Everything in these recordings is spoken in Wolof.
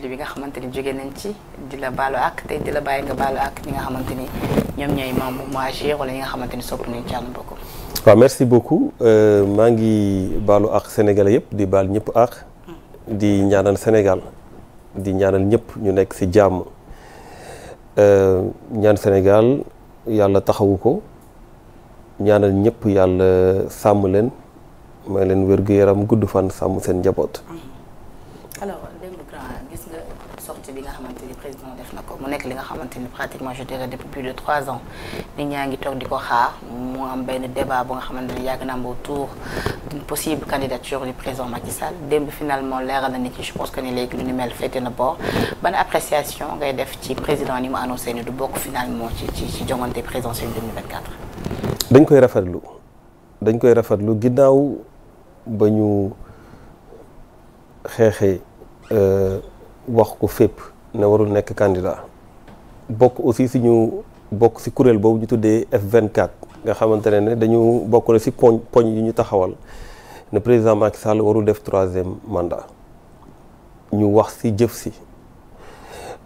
fàttali bi nga xamante ni jóge nañ ci di la baalu ak te di la bàyyi nga baalu ak ñi nga xamante ñoom ñooy membre moagé wala ñi nga xamante sopp nañu Thione Bocco waaw merci beaucoup euh, maa ngi baalu ak Sénégal yépp di baal ñëpp ak di ñaanal Sénégal di ñaanal ñépp ñu nekk ci jàmm euh, ñaan Sénégal yàlla taxawu ko ñaanal ñëpp yàlla sàmm leen may leen wér-gu-yaram gudd fan sàmm seen njaboot président def na ko mu nekk li nga xamante ni pratiquement je dirais depuis plus de trois ans nit ñaa ngi toog di ko xaar mu am benn débat bu nga xamante ni yàgg na am autour d'une possible candidature du président Macky Sall démb finalement leeral na ni léegi lu ni mel féete na boor ban appréciation ngay def ci président ni mu annoncé ni du bokk finalement ci ci ci jongante présidentielle 2024. dañ koy rafetlu dañ koy rafetlu ginnaaw ba ñu xeexee euh, wax ko fépp. ne warul nekk candidat bokk aussi suñu bokk si kuréel boobu ñu tuddee F24 nga xamante ne ne dañu bokk na si poñ poñ yi ñu taxawal ne président Macky Sall warul def troisième mandat ñu wax si jëf si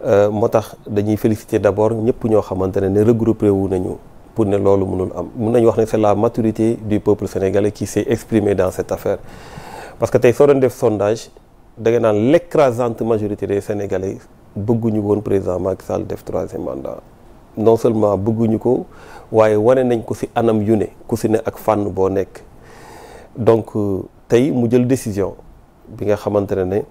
euh, moo tax dañuy féliciter d'abord ñëpp ñoo xamante ne ne regroupé wu nañu pour ne loolu mënul am mun nañu wax ne c'est la maturité du peuple sénégalais qui s'est exprimé dans cette affaire parce que tey soo doon def sondage da nga naan l'écrasante majorité des sénégalais bëgguñu woon président Macky Sall def troisième mandat non seulement bëgguñu ko waaye wane nañ ko ci anam yu ne ku ci ne ak fànn boo nekk donc euh, tey mu jël décision bi nga xamante ne ne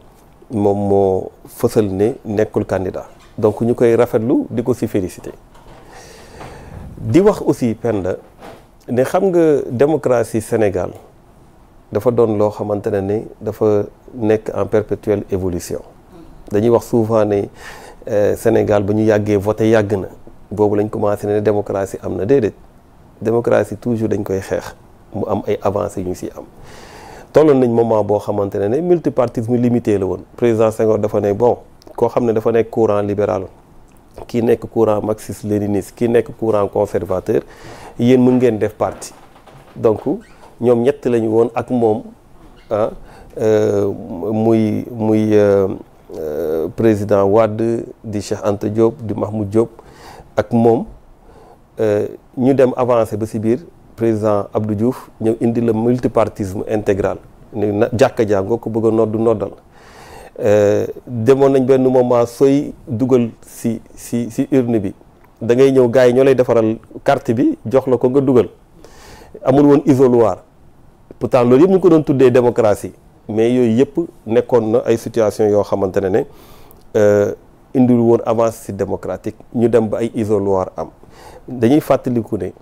moom moo fësal ne nekkul candidat donc ñu koy rafetlu di ko ci félicité di wax aussi Penda ne xam nga démocratie Sénégal dafa doon loo xamante ne ne dafa nekk en perpétuelle évolution dañuy wax souvent ne euh, Sénégal ba ñu yàggee voté yàgg na boobu lañ commencé ne démocratie am na déedéet démocratie toujours dañ koy xeex mu am ay avancées yu ñu si am tolloon nañ moment boo xamante ne ne multipartisme limité la woon président Senghor dafa ne bon koo xam ne dafa nekk courant libéral kii nekk courant marxiste léniniste kii nekk courant conservateur yéen mën ngeen def parti donc ñoom ñett lañu woon ak moom ah euh, muy muy euh, Euh, président Wade di Cheikh Anta Diop di Mahmoud Diop ak moom euh, ñu dem avancé ba si biir président Abdou Diouf ñëw indi le multipartisme intégral ne jàkka jaa nga ko bëgg a nodd noddal euh, demoon nañ benn moment sooy dugal si si si urne bi da ngay ñëw gars yi ñoo lay defaral carte bi jox la ko nga dugal amul woon isoloir pourtant loolu yëpp ñu ko doon tuddee démocratie mais yooyu yëpp nekkoon na ay situation yoo xamante ne ne euh, indil woon avance si démocratique ñu dem ba ay isoloir am dañuy fàttaliku ne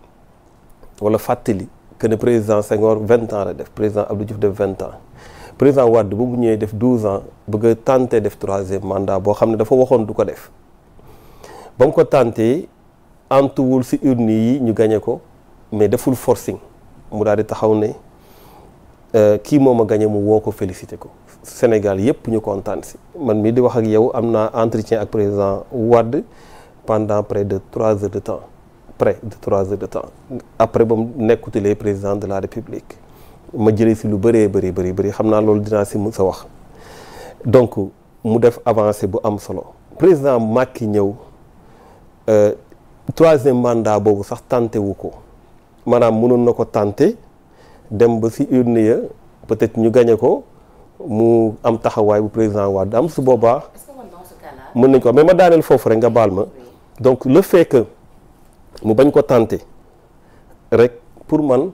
wala fàttali que ne président Senghor vingt ans la def président Abdou Diouf def vingt ans président Wade ba mu ñëwee def douze ans bëgg a tenté def troisième mandat boo xam ne dafa waxoon du ko def ba mu ko tenté antuwul si uni yi ñu gañe ko mais deful forcing mu daal di taxaw ne Euh, kii moom a gañe mu woo ko félicité ko Sénégal yëpp ñu kontaan si man mii di wax ak yow am naa entretien ak président wadd pendant près de trois heures de temps près trois heures de temps après ba mu nekkutulee président de la République ma jële si lu bëree bëri bëri bëri xam naa loolu dinaa si mu sa wax donc mu def avancée bu am solo président Macky ñëw euh, troisième mandat boobu sax tànte wu ko maanaam mënoon na ko tànte dem ba si urne ya peut-être ñu gañe ko mu am taxawaay bu président Wade am su boobaa. mën nañ ko mais ma daaneel foofu rek nga baal ma. donc le fait que mu bañ ko tenter rek pour man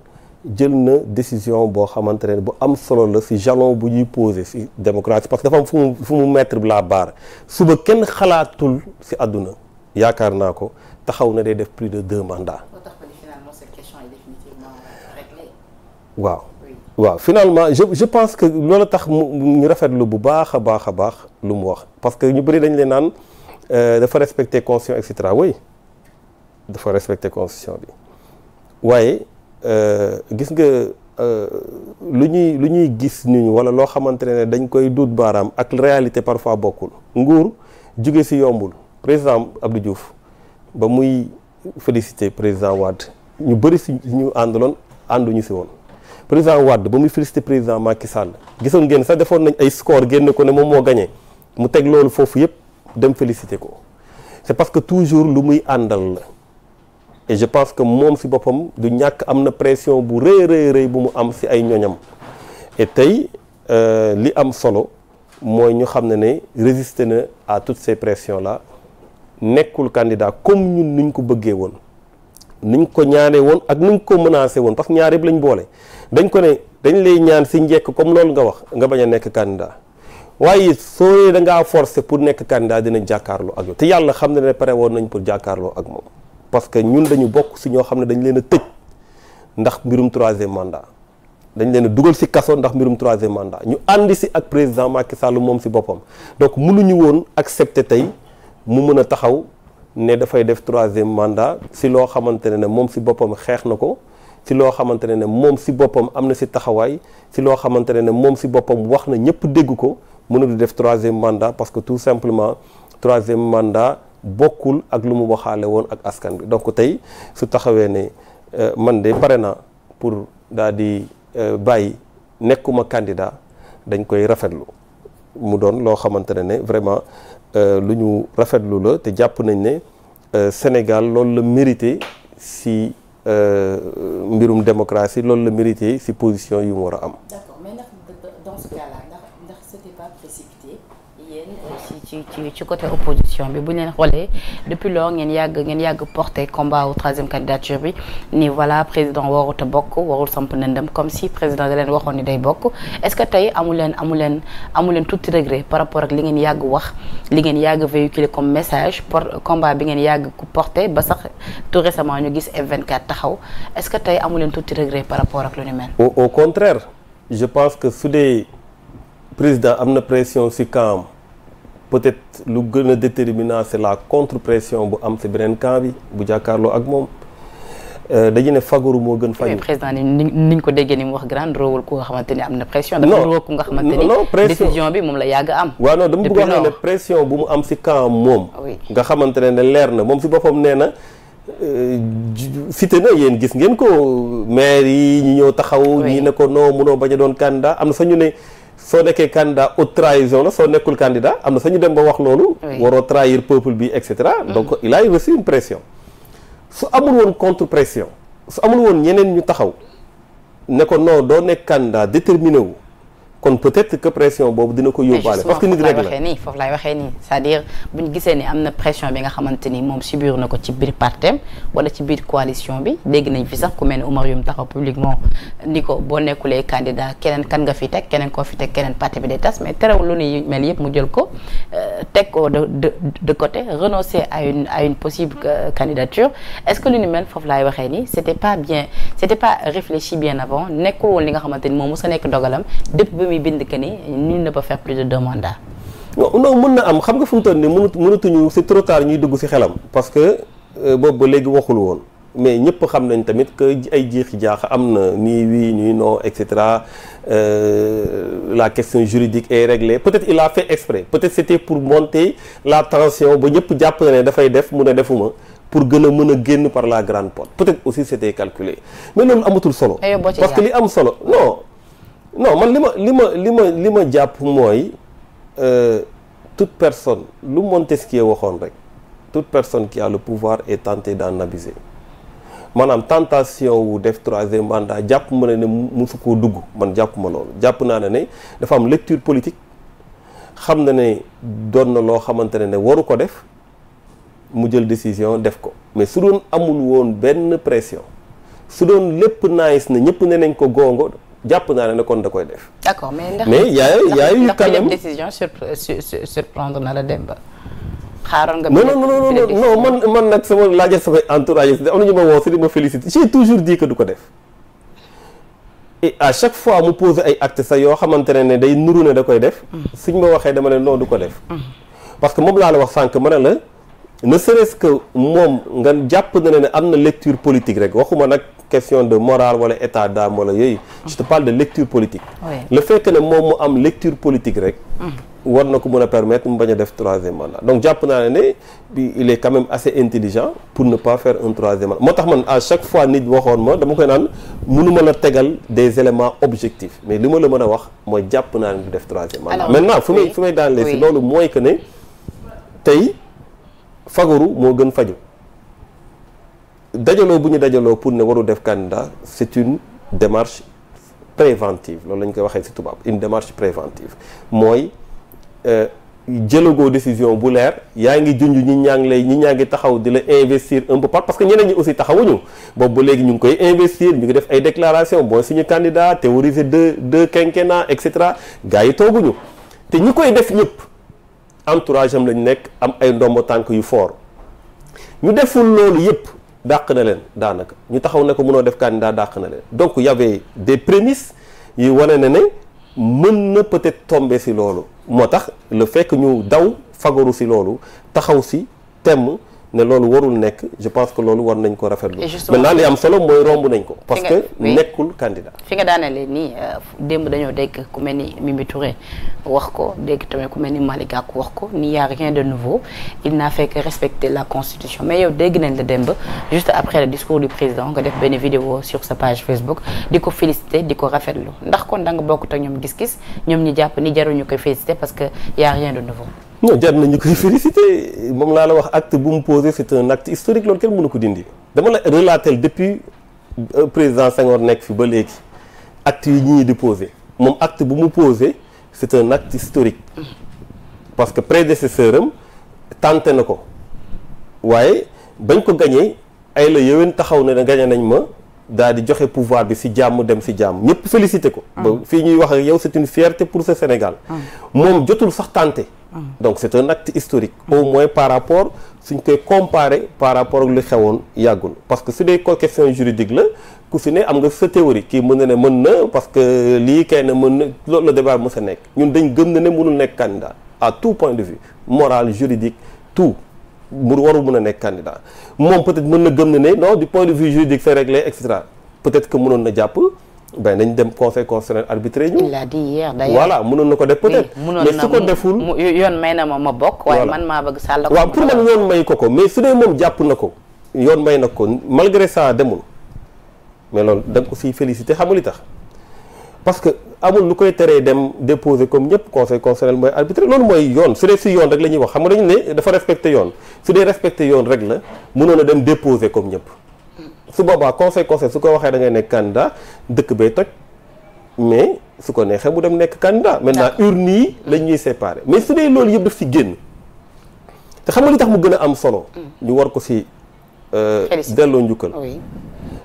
jël na décision boo xamante ne bu am solo la si jalon bu ñuy posé si démocratie parce que dafa am fu mu fu mu mettre bi laa baar suba kenn xalaatul si àdduna yaakaar naa ko taxaw na dee def plus de deux mandats. waaw waaw finalement je je pense que loolu tax mu ñu rafetlu bu baax a baax a baax lu mu wax parce que ñu bëri dañ leen naan euh, dafa respecter constitution et cetera oui dafa respecter constitution bi waaye euh, gis nga euh, lu ñuy lu ñuy gis ñu wala loo xamante ne dañ koy duut baaraam ak réalité parfois bokkul nguur jóge ci yombul président Abdou Diouf ba muy féliciter président Wade ñu bëri si ñu àndaloon ànduñu ci woon. président Wade ba muy félicité président Macky Sall gisoon ngeen sax defoon nañ ay score génne ko ne moom moo gagné mu teg loolu foofu yëpp dem félicité ko c'est parce que toujours lu muy àndal la et je pense que moom si boppam du ñàkk am na pression bu rëy rëy rëy bu mu am si ay ñoñam et tey euh, li am solo mooy ñu xam ne ne résister na à toute ces pressions la nekkul candidat comme ñun nuñ ko bëggee woon ni ñu ko ñaanee woon ak niñ ko menacé woon parce que ñaar yëpp lañ boole dañ ko ne dañ lay ñaan si njekk comme loolu nga wax nga bañ a nekk candidat waaye soo nee da ngaa forcé pour nekk candidat dinañ jàkkaarloo ak yow te yàlla xam na ne pare woon nañ pour jàkkaarloo ak moom parce que ñun dañu bokk si ñoo xam ne dañ leen a tëj ndax mbirum troisième mandat dañ leen dugal si kaso ndax mbirum troisième mandat ñu ànd si ak président Macky Sall moom si boppam donc mënuñu woon accepter tey mu mën a taxaw ne dafay def troisième mandat si loo xamante ne ne moom si boppam xeex na ko si loo xamante ne ne moom si boppam am na si taxawaay si loo xamante ne ne moom si boppam wax na ñëpp dégg ko du def troisième mandat parce que tout simplement troisième mandat bokkul ak lu mu waxaale woon ak askan bi donc tey su taxawee ne euh, man de pare na pour daal di euh, bàyyi nekkuma candidat dañ koy rafetlu mu doon loo xamante ne ne vraiment euh, lu ñu rafetlu la te jàpp nañ ne euh, Sénégal loolu la mérité si euh, mbirum démocratie loolu la mérité si position yu mu war a am. ci ci ci côté opposition bi bu ñu leen xoolee depuis lors ngeen yàgg ngeen yàgg porté combat au troisième candidature bi ni voilà président warut a bokk warul samp ndëndam comme si président da leen waxoon ni day bokk est-ce que tey amu leen amu leen leen tuuti regret par rapport ak li ngeen yàgg wax li ngeen yàgg véhiculer comme message pour combat bi ngeen yàgg ku ba sax tout récemment ñu gis F24 taxaw est-ce que tey amu leen tuuti regret par rapport ak lu ni mel. au contraire je pense que su dee président am na pression ci camp peut-être lu gën a déterminant c'est la contre-pression bu am si beneen camp bi bu jàkkaarloo ak moom euh, dañu ne fagaru moo gën faju. mais président ni ñu ko déggee ni mu wax grand rôle ku nga xamante ni am na pression. dafa rôle ni décision bi moom la yàgg am. waaw non dama bëgg wax ne mu am si camp moom. nga xamante ne leer na moom si boppam nee na. site euh, na yéen gis ngeen ko maire yi ñu ñëw taxaw. ñi ne ko non munoo bañ a doon candidat am na sax ñu ne. soo nekkee candidat haute trahison la soo nekkul candidat am na sañu dem ba wax loolu waroo trahir peuple bi et cetera mm-hmm. donc il a reçu une pression su amul woon contre pression su amul woon ñeneen ñu taxaw ne ko non doo nekk candidat déterminé wu kon peut-être que pression boobu dina ko yóbbaale. parce que foofu lay waxee nii cest gisee ni am na pression bi nga xamante ni moom subir na ko ci biir partem wala ci biir bi dégg nañ fi sax ku mel ne Oumar Youm taxaw publiquement ni ko boo nekkulee candidat keneen kan fi teg keneen koo fi teg keneen parti bi day tas mais terewul lu ni mel yëpp jël ko euh, teg ko de de de côté renoncer à possible candidature ce que lu ni mel foofu laay waxee nii c'était pas bien c'était pas réfléchi bien avant nekkul woon li nga xamante ni moom mos sa nekk dogalam depuis muy bind que na am xam nga fu mu toll nii mënut mënatuñu c'est trop tard ñuy dugg ci xelam. parce que euh, boobu ba léegi waxul woon mais ñëpp xam nañ tamit que ay jiixi jaax am na nii oui nii non et cetera euh, la question juridique est réglée peut-être il a fait exprès peut-être c'était pour monter la tension ba ñëpp jàpp na ne dafay def mun a defuma. pour gën a mën a génn par la grande porte peut-être aussi c'était calculé mais loolu amatul solo. parce que li am solo non man li ma li ma li ma li ma jàpp mooy euh, toute personne lu Montesquieu waxoon rek tout personne qui àll pouvoir et tentée d'en abuser maanaam tentation wu def troisième mandat jàpp ma ne mu musu koo dugg man jàpp ma loolu jàpp naa ne ne dafa am lecture politique xam na ne doon na loo xamante ne ne waru ko def mu jël décision def ko mais su doon amul woon benn pression su doon lépp naayis na ñëpp ne nañ ko gongo jàpp naa ne kon da koy def. d'accord mais ndax mais y' a y' a eu quand même décision sur surprendre na la Demba. xaaroon man man nag sama laajal sama entourage am na ñu ma woo si di ma félicité j'ai toujours dit que du ko def. et à chaque fois mu pose ay actes sax yoo xamante ne ne day nuru ne da koy def. Mm. suñ ma waxee dama ne non du ko def. Mm. parce que moom laa la wax sànq ma ne la. ne serait-ce que moom nga jàpp na ne am na lecture politique rek waxuma nag question de morale wala état d'âme wala yooyu je te parle de lecture politique oui. le fait ne moom mu am lecture politique rek war na ko mën a permettre mu bañ a def troisième mandat donc jàpp naa ne ne il est quand même assez intelligent pour ne pas faire un troisième mandat moo tax man à chaque fois nit waxoon ma dama koy naan mënu ma la tegal des éléments objectifs mais li ma la mën a wax mooy jàpp naa ne du def troisième mandat maintenant fu fu may daan si loolu mooy que ne fagaru moo gën faju dajaloo bu ñu dajaloo pour ne waru def candidat c'est une démarche préventive loolu la ñu koy waxee ci tubaab une démarche préventive mooy euh, jëlagoo décision bu leer yaa ngi junj ñi ñaa ngi lay ñi ñaa ngi taxaw di la investir un peu part parce que ñeneen ñi aussi taxawuñu boobu ba léegi ñu ngi koy investir ñu ngi def ay déclaration booy suñu candidat théoriser deux deux quinquennats et cetera gars yi tooguñu te ñi koy def ñëpp entourage am lañ nekk am ay ndombo tànk yu fort ñu deful loolu yëpp dàq na leen daanaka ñu taxaw ne ko mënoo def candidat dàq na leen donc y des prémices yi wane na ne mën na peut-être tomber ci loolu moo tax le fekk ñu daw fagaru si loolu taxaw si temm ne loolu warul nekk je pense que loolu war nañ ko rafetlu maintenant li am solo mooy romb nañ ko parce que nekkul candidat fi nga daanelee nii euh, démb dañoo dégg ku mel ni Mimi wax ko dégg tamit ku mel ni Malick wax ko ni y a rien de nouveau il n'a fait respecter la constitution mais yow dégg nañ la démb juste après le discours du président nga def benn vidéo sur sa page Facebook di ko féliciter di ko rafetlu ndax kon da nga bokkut ñoom gis-gis ñoom ñi jàpp ni jaruñu koy féliciter parce que y de nouveau non jar nañu koy félicité moom laa la wax acte bu mu posé c'est un acte historique loolu kenn mënu ko dindi dama la relatel depuis euh, président Senghor nekk fi ba léegi acte yi ñii di posé moom acte bu mu posé c'est un acte historique parce que prédécesseur am tenté na ko waaye bañ ko gañee ay la yowén taxaw na ne gañe nañ ma daal di joxe pouvoir bi ci jàmm dem ci jàmm ñëpp félicité ko mm. ba fii ñuy wax ak yow c'est une fierté pour sa Sénégal mm. moom jotul sax tenté Ah. donc c'est un acte historique au ah. moins par rapport suñ koy comparer par rapport ak li xewoon yàggul parce que su dee ko question juridique la ku si ne am nga sa théorie kii mën na ne mën na parce que lii kay ne mën na loolu la débat mës a nekk ñun dañ gën na ne mënul nekk candidat à tout point de vue moral juridique tout mu warul mën a nekk candidat moom peut-être mën na gën na ne non du point de vue juridique c'est réglé et cetera peut-être que mënoon na jàpp ben nañ dem conseil constitutionnel arbitré ñu. il a dit hier d'ailleurs voilà na ko def peut-être. mais su ko deful yoon may na ma ma bokk. waaye man maa bëgg sàll ko. waaw pour man yoon may ko ko mais su dee moom jàpp na ko. yoon may na ko malgré ça demul mais loolu da nga ko siy félicité xam nga li tax parce que amul lu koy teree dem déposer comme ñëpp conseil constitutionnel mooy arbitré loolu mooy yoon su dee si yoon rek la ñuy wax xam nga dañu ne dafa respecté yoon su dee respecté yoon rek la mënoon a dem déposer comme ñëpp. su boobaa conseil conseil su ko waxee dangay nekk candidat dëkk bay toj mais su ko neexee mu dem nekk candidat maintenant urne yi lañ ñuy séparer mais su dee loolu yëpp daf si génn te xam nga tax mu gën a am solo mm. ñu war ko si euh, delloo njukkal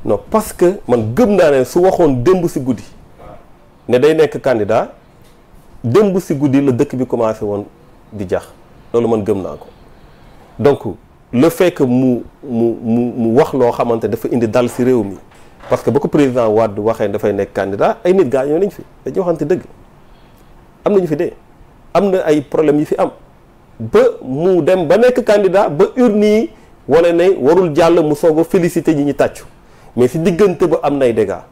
non parce que man gëm naa ne su waxoon démb si guddi ne day nekk candidat démb si guddi la dëkk bi commencé woon di jax loolu man gëm naa ko le fekk mu mu mu mu wax loo xamante dafa indi dal si réew mi parce que ba ko président du waxee dafay nekk candidat ay nit gaañoo nañ fi dañuy waxante dëgg am nañu fi de am na ay problèmes yi fi am ba mu dem ba nekk candidat ba urne yi wane ne warul jàll mu soog a félicité ñi ñu tàccu mais si diggante ba am na nay dégâts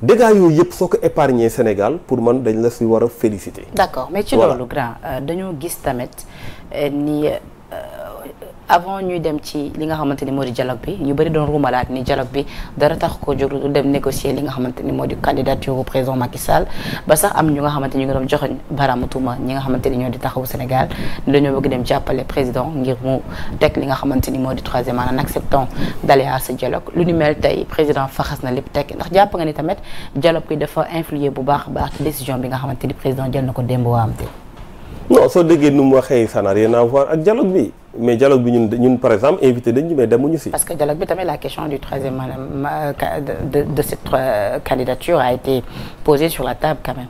dégâts yooyu yëpp soo ko épargner Sénégal pour man dañ la si war a félicité. d'accord mais ci loolu grand euh, dañoo gis tamit euh, ni. avant ñuy dem ci li nga xamante ni moo di dialogue bi ñu bëri doon ruumalaat ni dialogue bi dara tax koo jóg lu dem négocier li nga xamante ni moo di candidature bu président Macky Sall am ñu nga xamante ñu ngi doon joxoñ baraamu tuuma ñi nga xamante ni ñoo di taxawu Sénégal ni dañoo bëgg dem jàppale président ngir mu teg li nga xamante ni moo di troisième maanaam en acceptant d'aller à ce dialogue lu ni mel tey président faxas na lépp teg ndax jàpp nga ni tamit dialogue bi dafa influer bu baax a baax ci décision bi nga xamante ni président jël na ko am waamte non soo déggee nu mu waxee ça n'a rien à ak dialogue bi mais dialogue bi ñun ñun par exemple invité dañu mais demuñu si. parce que dialogue bi tamit la question du troisième maanaam euh, de de cette euh, candidature a été posée sur la table